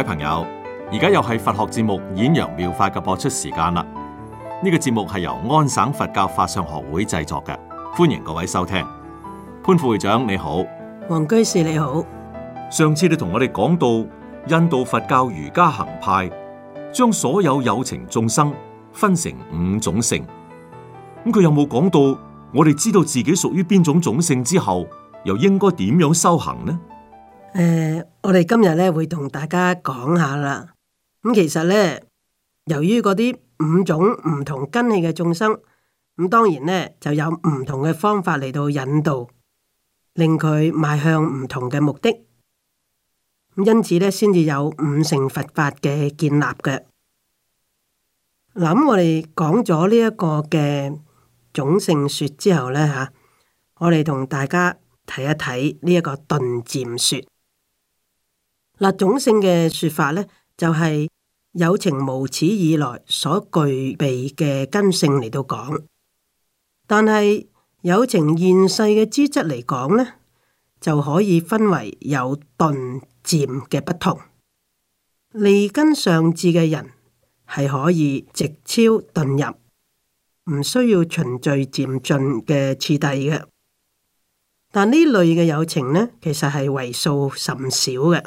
各位朋友，而家又係佛學節目《演揚妙，妙法》嘅播出時間啦。呢個節目係由安省佛教法相學會製作嘅，歡迎各位收聽。潘副會長你好，黃居士你好。上次你同我哋講到印度佛教瑜伽行派將所有有情眾生分成五種性，咁佢有冇講到我哋知道自己屬於邊種種性之後，又應該點樣修行呢？誒、呃，我哋今日咧會同大家講下啦。咁其實咧，由於嗰啲五種唔同根器嘅眾生，咁當然咧就有唔同嘅方法嚟到引導，令佢邁向唔同嘅目的。因此咧，先至有五乘佛法嘅建立嘅。嗱、嗯，咁我哋講咗呢一個嘅種性說之後咧吓、啊，我哋同大家睇一睇呢一個頓漸說。嗱，種性嘅說法呢，就係有情無始以來所具備嘅根性嚟到講。但係有情現世嘅資質嚟講呢，就可以分為有頓漸嘅不同。利根上智嘅人係可以直超頓入，唔需要循序漸進嘅次第嘅。但呢類嘅有情呢，其實係為數甚少嘅。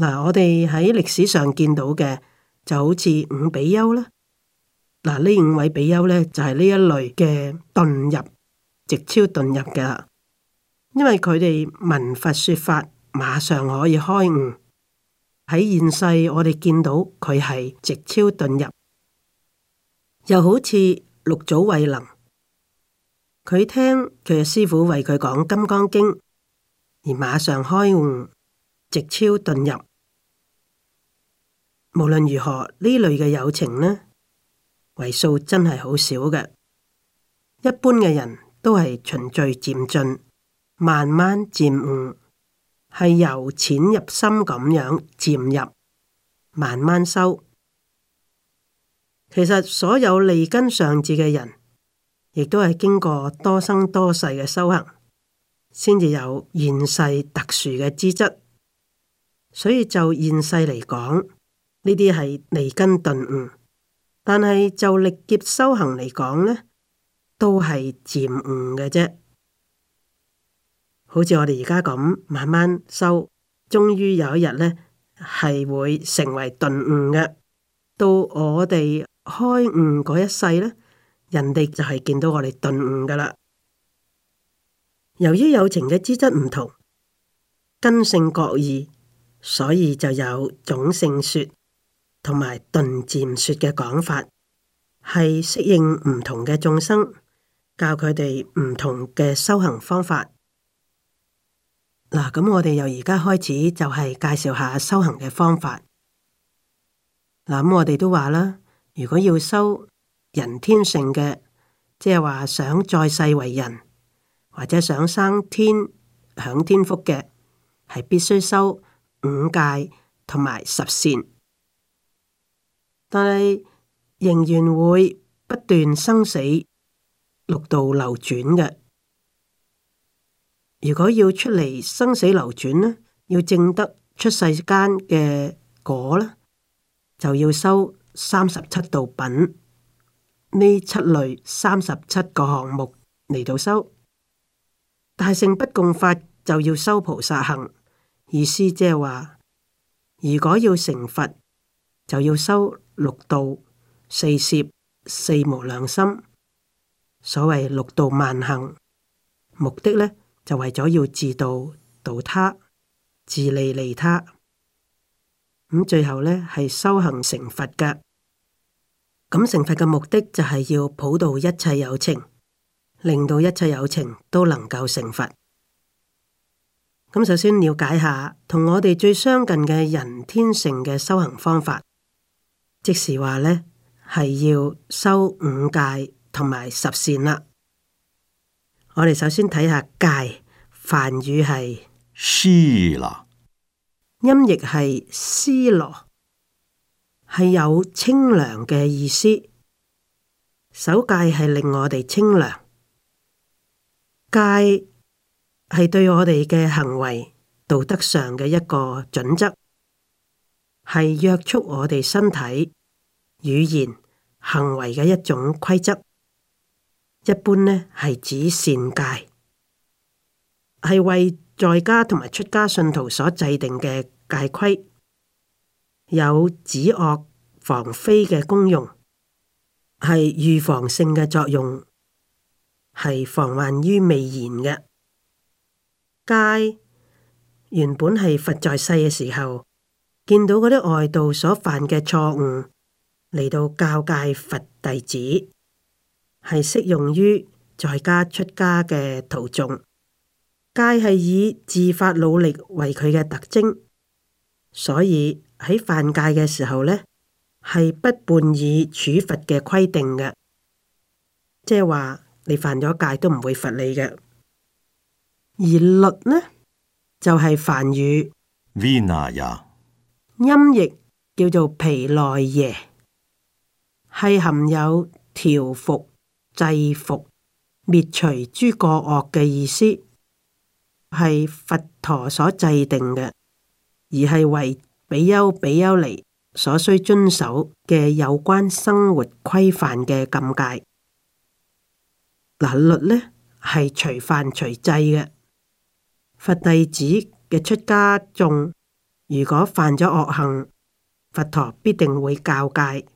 嗱，我哋喺歷史上見到嘅就好似五比丘啦。嗱，呢五位比丘呢，就係、是、呢一類嘅頓入、直超頓入嘅。因為佢哋聞法説法，馬上可以開悟。喺現世，我哋見到佢係直超頓入，又好似六祖慧能，佢聽佢嘅師傅為佢講《金剛經》，而馬上開悟，直超頓入。無論如何，呢類嘅友情呢，為數真係好少嘅。一般嘅人都係循序漸進，慢慢漸悟，係由淺入深咁樣漸入，慢慢修。其實所有利根上智嘅人，亦都係經過多生多世嘅修行，先至有現世特殊嘅資質。所以就現世嚟講。呢啲係離根頓悟，但係就歷劫修行嚟講呢，都係漸悟嘅啫。好似我哋而家咁，慢慢修，終於有一日呢係會成為頓悟嘅。到我哋開悟嗰一世呢，人哋就係見到我哋頓悟噶啦。由於有情嘅資質唔同，根性各異，所以就有種性說。同埋頓漸說嘅講法，係適應唔同嘅眾生，教佢哋唔同嘅修行方法。嗱，咁我哋由而家開始就係介紹下修行嘅方法。嗱，咁我哋都話啦，如果要修人天乘嘅，即係話想再世為人，或者想生天享天福嘅，係必須修五戒同埋十善。但係仍然會不斷生死六道流轉嘅。如果要出嚟生死流轉呢，要證得出世間嘅果啦，就要修三十七道品呢七類三十七個項目嚟到修，大乘不共法就要修菩薩行，意思即係話，如果要成佛，就要修。六度四攝四無量心，所謂六度萬行，目的呢，就為咗要自度度他，自利利他。咁最後呢，係修行成佛嘅，咁成佛嘅目的就係要普渡一切有情，令到一切有情都能夠成佛。咁首先了解下同我哋最相近嘅人天乘嘅修行方法。即時話呢，係要修五戒同埋十善啦。我哋首先睇下戒，梵語係施羅，音譯係思羅了，係有清涼嘅意思。守戒係令我哋清涼，戒係對我哋嘅行為道德上嘅一個準則。係約束我哋身體、語言、行為嘅一種規則。一般呢係指善戒，係為在家同埋出家信徒所制定嘅戒規，有止惡防非嘅功用，係預防性嘅作用，係防患於未然嘅。戒，原本係佛在世嘅時候。見到嗰啲外道所犯嘅錯誤，嚟到教誡佛弟子，係適用於在家出家嘅徒眾，戒係以自發努力為佢嘅特徵，所以喺犯戒嘅時候呢，係不伴以處罰嘅規定嘅，即係話你犯咗戒都唔會罰你嘅，而律呢就係梵語音譯叫做毘奈耶，係含有調伏制服，滅除諸過惡嘅意思，係佛陀所制定嘅，而係為比丘、比丘尼所需遵守嘅有關生活規範嘅禁戒。嗱，律呢係隨犯隨制嘅，佛弟子嘅出家眾。如果犯咗惡行，佛陀必定會教誡。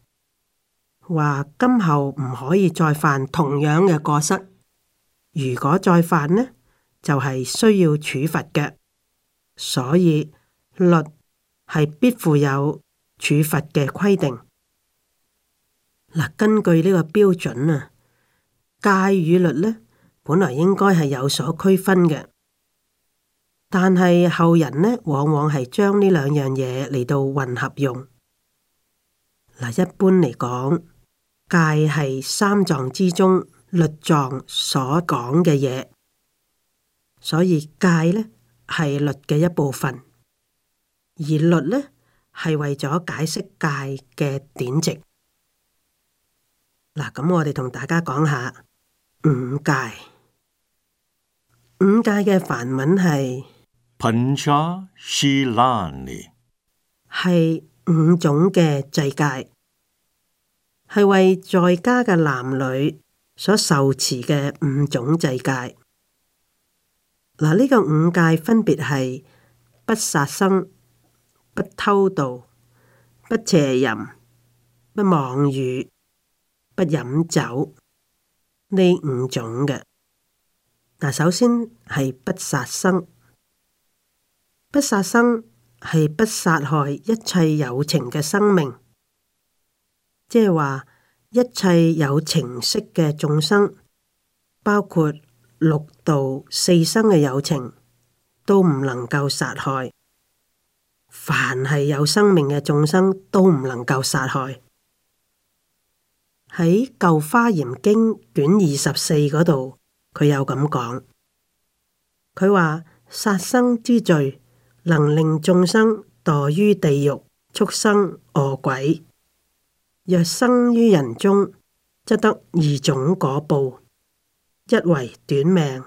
話今後唔可以再犯同樣嘅過失。如果再犯呢，就係、是、需要處罰嘅。所以律係必附有處罰嘅規定。嗱，根據呢個標準啊，戒與律呢，本來應該係有所區分嘅。但係後人呢，往往係將呢兩樣嘢嚟到混合用。嗱，一般嚟講，戒係三藏之中律藏所講嘅嘢，所以戒呢係律嘅一部分，而律呢係為咗解釋戒嘅典籍。嗱，咁我哋同大家講下五戒。五戒嘅梵文係。品差是哪裏？係五種嘅祭戒，係為在家嘅男女所受持嘅五種祭戒。嗱，呢個五戒分別係不殺生、不偷盜、不邪淫、不妄語、不飲酒呢五種嘅。嗱，首先係不殺生。不殺生係不殺害一切，一切有情嘅生命，即係話一切有情識嘅眾生，包括六道四生嘅有情，都唔能夠殺害。凡係有生命嘅眾生，都唔能夠殺害。喺《舊華嚴經》卷二十四嗰度，佢有咁講，佢話殺生之罪，能令眾生墮於地獄、畜生、餓鬼；若生於人中，則得二種果報：一為短命，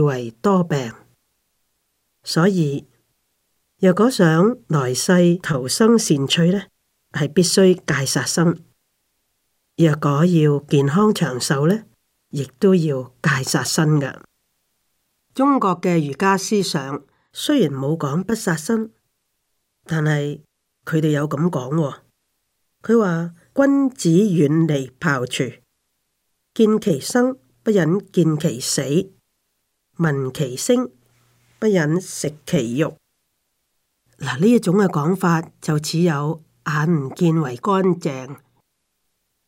二為多病。所以，若果想來世投生善趣呢係必須戒殺生；若果要健康長壽呢亦都要戒殺生嘅。中國嘅儒家思想。雖然冇講不殺生，但係佢哋有咁講喎。佢話君子遠離庖廚，見其生不忍見其死，聞其聲不忍食其肉。嗱，呢一種嘅講法就似有眼唔見為乾淨，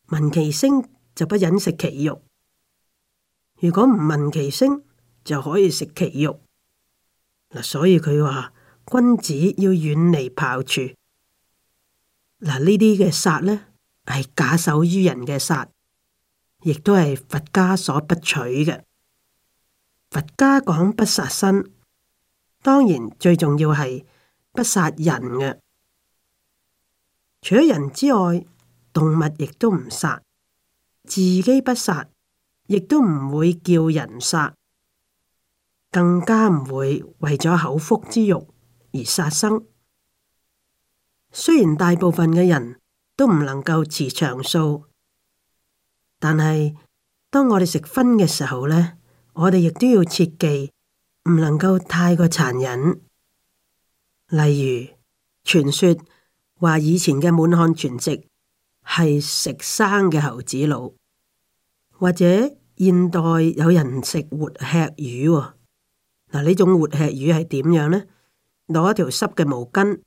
聞其聲就不忍食其肉。如果唔聞其聲，就可以食其肉。所以佢話君子要遠離庖廚。嗱，呢啲嘅殺呢，係假手於人嘅殺，亦都係佛家所不取嘅。佛家講不殺生，當然最重要係不殺人嘅。除咗人之外，動物亦都唔殺，自己不殺，亦都唔會叫人殺。更加唔會為咗口腹之欲而殺生。雖然大部分嘅人都唔能夠持長素，但係當我哋食葷嘅時候呢，我哋亦都要切忌唔能夠太過殘忍。例如傳說話以前嘅滿漢全席係食生嘅猴子腦，或者現代有人食活吃魚、哦。嗱，呢種活吃魚係點樣呢？攞一條濕嘅毛巾，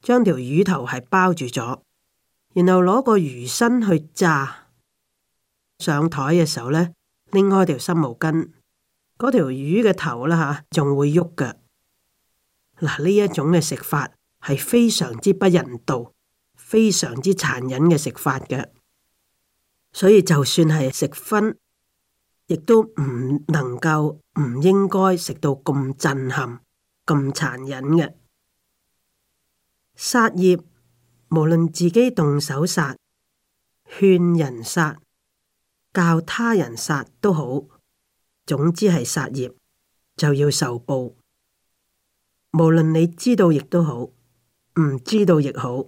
將條魚頭係包住咗，然後攞個魚身去炸。上枱嘅時候呢，拎開條濕毛巾，嗰條魚嘅頭啦吓，仲會喐噶。嗱，呢一種嘅食法係非常之不人道，非常之殘忍嘅食法嘅。所以就算係食分。亦都唔能夠，唔應該食到咁震撼、咁殘忍嘅殺業。無論自己動手殺、勸人殺、教他人殺都好，總之係殺業就要受報。無論你知道亦都好，唔知道亦好，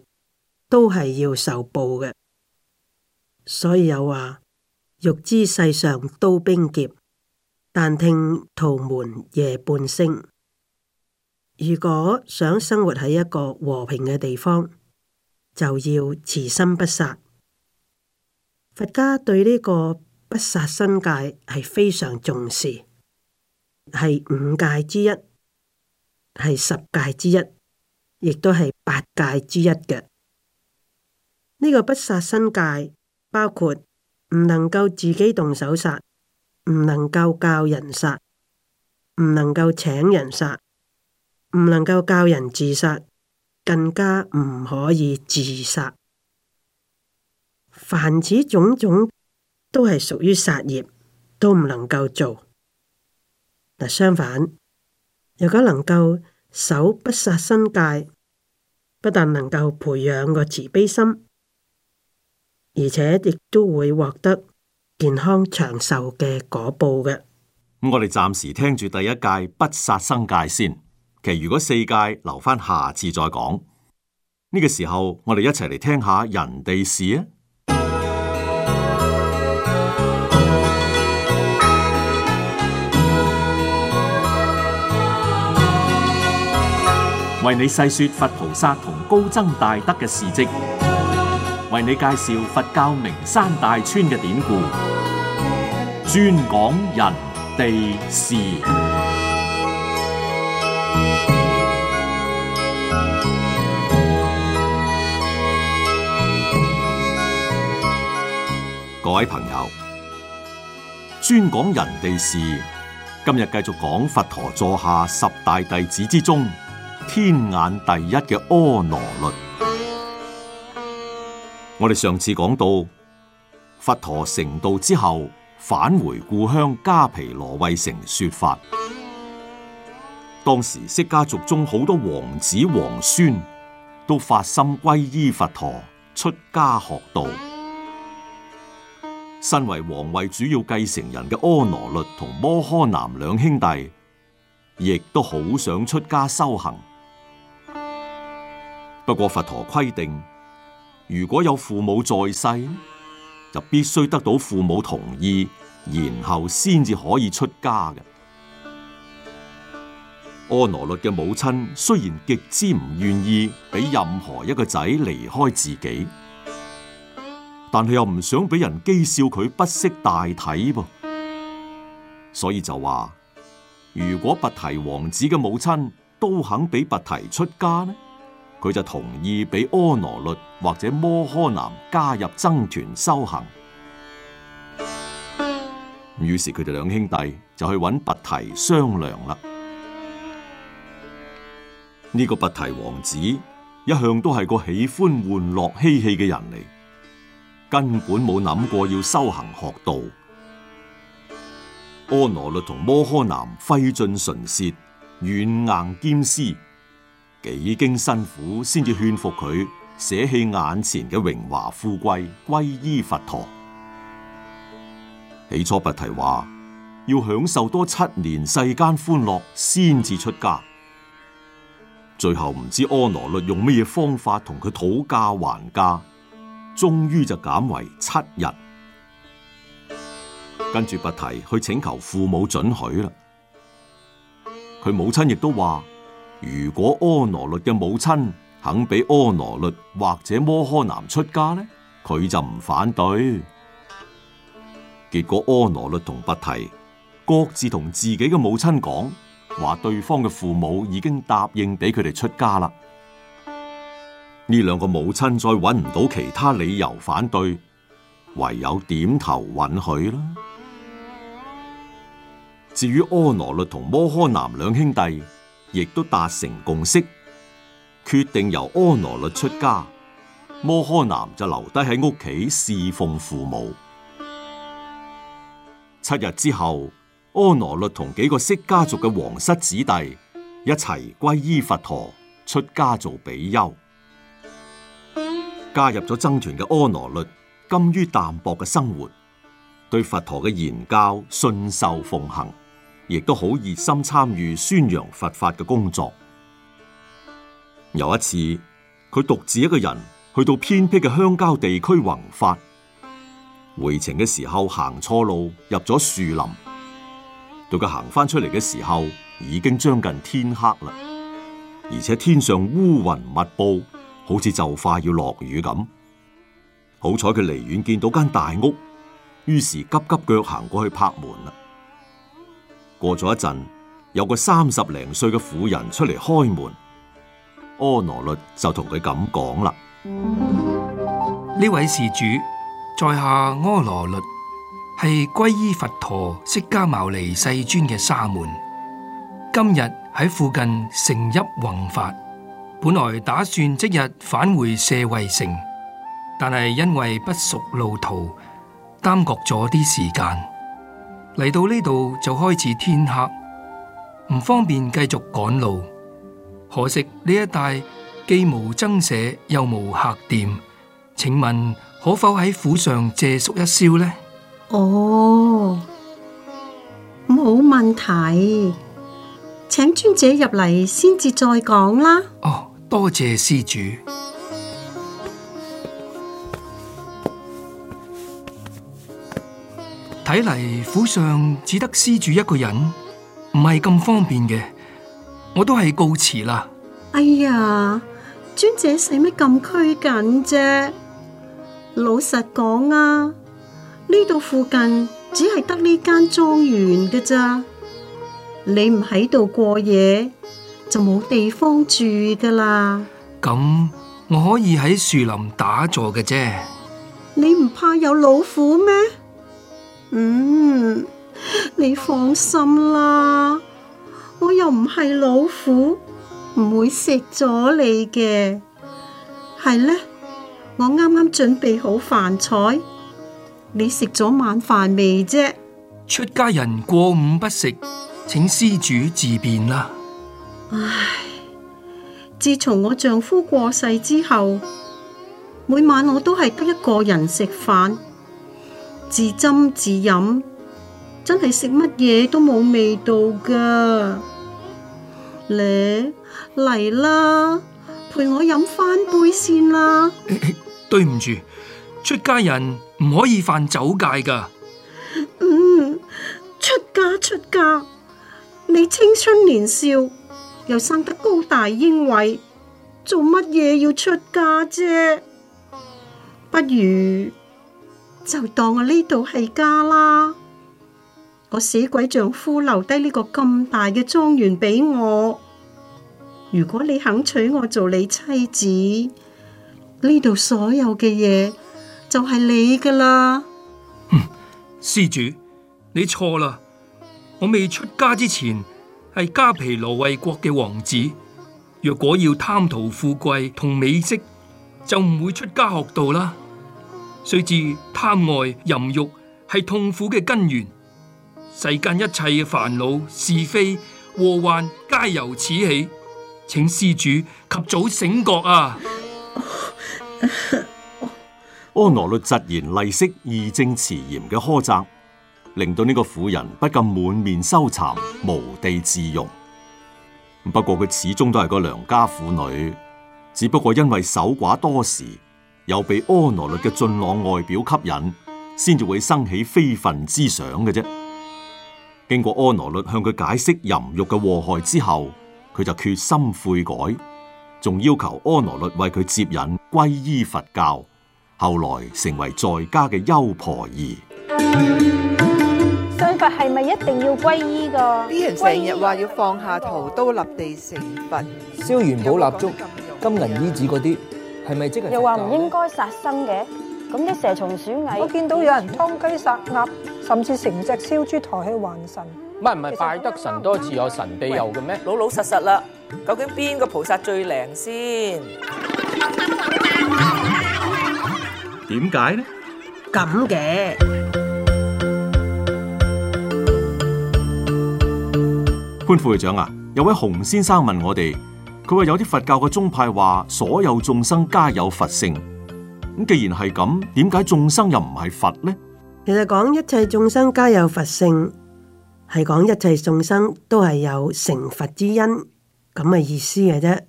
都係要受報嘅。所以有話。欲知世上刀兵劫，但聽屠門夜半聲。如果想生活喺一個和平嘅地方，就要慈心不殺。佛家對呢個不殺生戒係非常重視，係五戒之一，係十戒之一，亦都係八戒之一嘅。呢個不殺生戒包括。唔能夠自己動手殺，唔能夠教人殺，唔能夠請人殺，唔能夠教人自殺，更加唔可以自殺。凡此種種都係屬於殺業，都唔能夠做。嗱，相反，如果能夠守不殺生戒，不但能夠培養個慈悲心。而且亦都會獲得健康長壽嘅果報嘅，嗯。我哋暫時聽住第一戒不殺生戒先。其餘嗰四戒留翻下次再講。呢，這個時候我哋一齊嚟，聽下人哋事啊，為你細說佛菩薩同高僧大德嘅事跡。為你介紹佛教名山大川嘅典故，專講人地事。各位朋友，專講人地事，今日繼續講佛陀座下十大弟子之中，天眼第一嘅阿那律。我哋上次講到，佛陀成道之後返回故鄉加皮羅衛城說法。當時釋迦族中好多王子王孫都發心皈依佛陀，出家學道。身為皇位主要繼承人嘅阿那律同摩訶南兩兄弟，亦都好想出家修行。不過佛陀規定，如果有父母在世，就必須得到父母同意，然後先至可以出家嘅。阿那律嘅母親雖然極之唔願意俾任何一個仔離開自己，但係又唔想俾人譏笑佢不識大體噃，所以就話：如果拔提王子嘅母親都肯俾拔提出家呢？佢就同意俾阿那律或者摩訶男加入僧團修行。咁於是佢哋兩兄弟就去揾拔提商量啦。呢個拔提王子一向都係個喜歡玩樂嬉戲嘅人嚟，根本冇諗過要修行學道。阿那律同摩訶男費盡唇舌，軟硬兼施。幾經辛苦，先至勸服佢捨棄眼前嘅榮華富貴，皈依佛陀。起初跋提話，要享受多七年世間歡樂，先至出家。最後唔知阿那律用咩嘢方法同佢討價還價，終於就減為七日。跟住跋提去請求父母准許啦。佢母親亦都話。如果阿那律嘅母親肯俾阿那律或者摩訶男出家呢，佢就唔反對。結果阿那律同不提各自同自己嘅母親講，話對方嘅父母已經答應俾佢哋出家啦。呢兩個母親再揾唔到其他理由反對，唯有點頭允許啦。至於阿那律同摩訶男兩兄弟。亦都達成共識，決定由阿那律出家，摩訶男就留低喺屋企侍奉父母。七日之後，阿那律同幾個釋迦族嘅皇室子弟一齊歸依佛陀，出家做比丘。加入咗僧團嘅阿那律，甘於淡薄嘅生活，對佛陀嘅言教信受奉行。亦都好熱心參與宣揚佛法嘅工作。有一次，佢獨自一個人去到偏僻嘅鄉郊地區弘法，回程嘅時候行錯路，入咗樹林。到佢行翻出嚟嘅時候，已經將近天黑啦，而且天上烏雲密布，好似就快要落雨咁。好彩佢離遠見到間大屋，於是急急腳行過去拍門啦。過咗一陣，有個三十零歲嘅婦人出嚟開門，阿那律就同佢咁講啦：呢位施主，在下阿那律係皈依佛陀釋迦牟尼世尊嘅沙門，今日喺附近成邑弘法，本來打算即日返回舍衛城，但係因為不熟路途，耽擱咗啲時間。嚟到呢度就開始天黑，唔方便繼續趕路。可惜呢一帶既無僧舍又無客店，請問可否喺府上借宿一宵呢？哦，冇問題，請尊者入嚟先至再講啦。哦，多謝施主。睇嚟，府上只得施主一個人，唔係咁方便嘅，我都係告辭啦。哎呀，尊者使乜咁拘謹啫？老實講啊，呢度附近只係得呢間莊園嘅咋，你唔喺度過夜就冇地方住噶啦。咁我可以喺樹林打坐嘅啫。你唔怕有老虎咩？嗯，你放心啦，我又唔係老虎，唔會食咗你嘅。係呢，我啱啱準備好飯菜，你食咗晚飯未啫？出家人過午不食，請施主自便啦。唉，自從我丈夫過世之後，每晚我都係得一個人食飯。自斟自飲，真係食乜嘢都冇味道噶。嚟嚟啦，陪我飲翻杯先啦。欸欸、對唔住，出家人唔可以犯酒戒噶。嗯，出家出家，你青春年少，又生得高大英偉，做乜嘢要出家啫？不如。就當我呢度係家啦，我死鬼丈夫留低呢個咁大嘅莊園俾我。如果你肯娶我做你妻子，呢度所有嘅嘢就係你噶啦。哼，施主，你錯啦，我未出家之前係加皮羅衛國嘅王子。若果要貪圖富貴同美色，就唔會出家學道啦。雖知貪愛淫欲係痛苦嘅根源，世間一切嘅煩惱是非禍患皆由此起，請施主及早醒覺啊！阿那、啊啊啊啊、律直言厲色義正辭嚴嘅苛責，令到呢個婦人不禁滿面羞慚，無地自容。不過佢始終都係個良家婦女，只不過因為守寡多時。有被阿那律嘅俊朗外表吸引，先至會生起非分之想嘅啫。經過阿那律向佢解釋淫欲嘅禍害之後，佢就決心悔改，仲要求阿那律為佢接引皈依佛教。後來成為在家嘅優婆夷。信佛係咪一定要皈依噶？啲人成日話要放下屠刀立地成佛，燒元寶蠟燭、金銀衣紙嗰啲。又話唔應該殺生嘅，咁啲蛇蟲鼠蟻，我見到有人劏雞殺鴨，甚至成隻燒豬抬去還神，乜唔係拜得神多自有神庇佑嘅咩？老老實實啦，究竟邊個菩薩最靈先？點解呢？咁嘅潘副會長啊，有位洪先生問我哋。佢話有啲佛教嘅宗派話所有眾生皆有佛性，咁既然係咁，點解眾生又唔係佛呢？其實講一切眾生皆有佛性，係講一切眾生都係有成佛之因咁嘅意思嘅啫。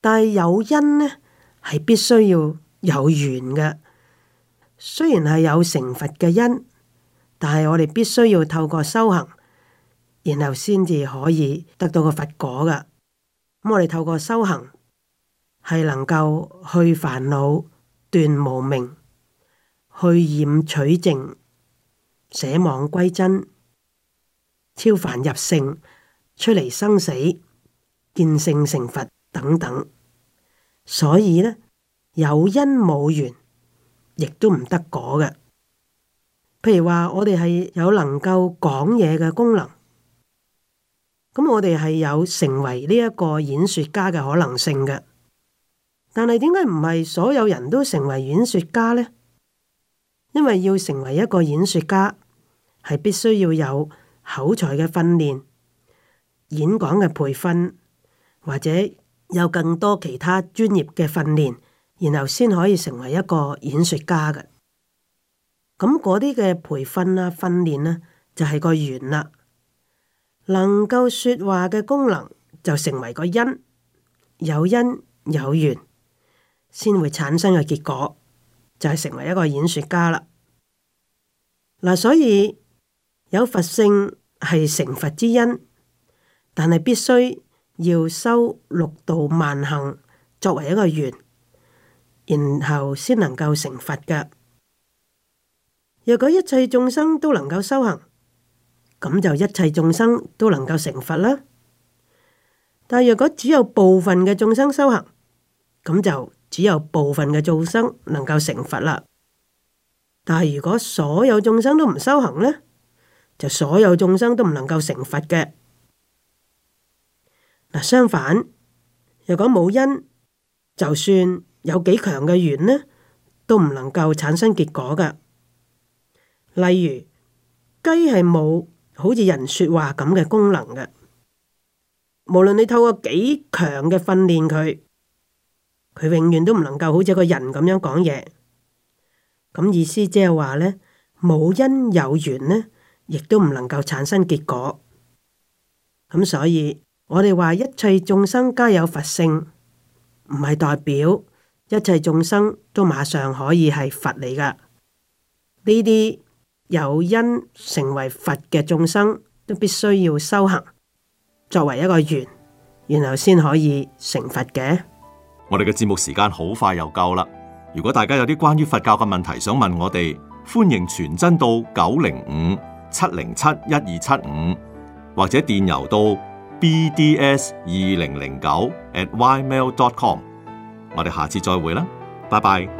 但係有因呢，係必須要有緣嘅。雖然係有成佛嘅因，但係我哋必須要透過修行，然後先至可以得到個佛果噶。咁我哋透過修行，係能夠去煩惱斷無明、去染取淨，捨妄歸真，超凡入聖，出嚟生死見性成佛等等。所以呢，有因冇緣，亦都唔得果嘅。譬如話，我哋係有能夠講嘢嘅功能。咁我哋係有成為呢一個演說家嘅可能性嘅，但係點解唔係所有人都成為演說家呢？因為要成為一個演說家，係必須要有口才嘅訓練、演講嘅培訓，或者有更多其他專業嘅訓練，然後先可以成為一個演說家嘅。咁嗰啲嘅培訓啊、訓練啊，就係、是、個緣啦、啊。能夠說話嘅功能就成為個因，有因有緣，先會產生個結果，就係、是、成為一個演說家啦。嗱，所以有佛性係成佛之因，但係必須要修六度萬行作為一個緣，然後先能夠成佛嘅。若果一切眾生都能夠修行。咁就一切眾生都能夠成佛啦。但若果只有部分嘅眾生修行，咁就只有部分嘅眾生能夠成佛啦。但係如果所有眾生都唔修行呢，就所有眾生都唔能夠成佛嘅。嗱，相反，若果冇因，就算有幾強嘅緣呢，都唔能夠產生結果噶。例如，雞係冇。好似人說話咁嘅功能嘅，無論你透過幾強嘅訓練佢，佢永遠都唔能夠好似一個人咁樣講嘢。咁意思即係話呢，冇因有緣呢，亦都唔能夠產生結果。咁所以我哋話一切眾生皆有佛性，唔係代表一切眾生都馬上可以係佛嚟噶呢啲。有因成為佛嘅眾生，都必須要修行，作為一個緣，然後先可以成佛嘅。我哋嘅節目時間好快又夠啦。如果大家有啲關於佛教嘅問題想問我哋，歡迎傳真到九零五七零七一二七五，75，或者電郵到 bds 二零零九 @ymail.com。我哋下次再會啦，拜拜。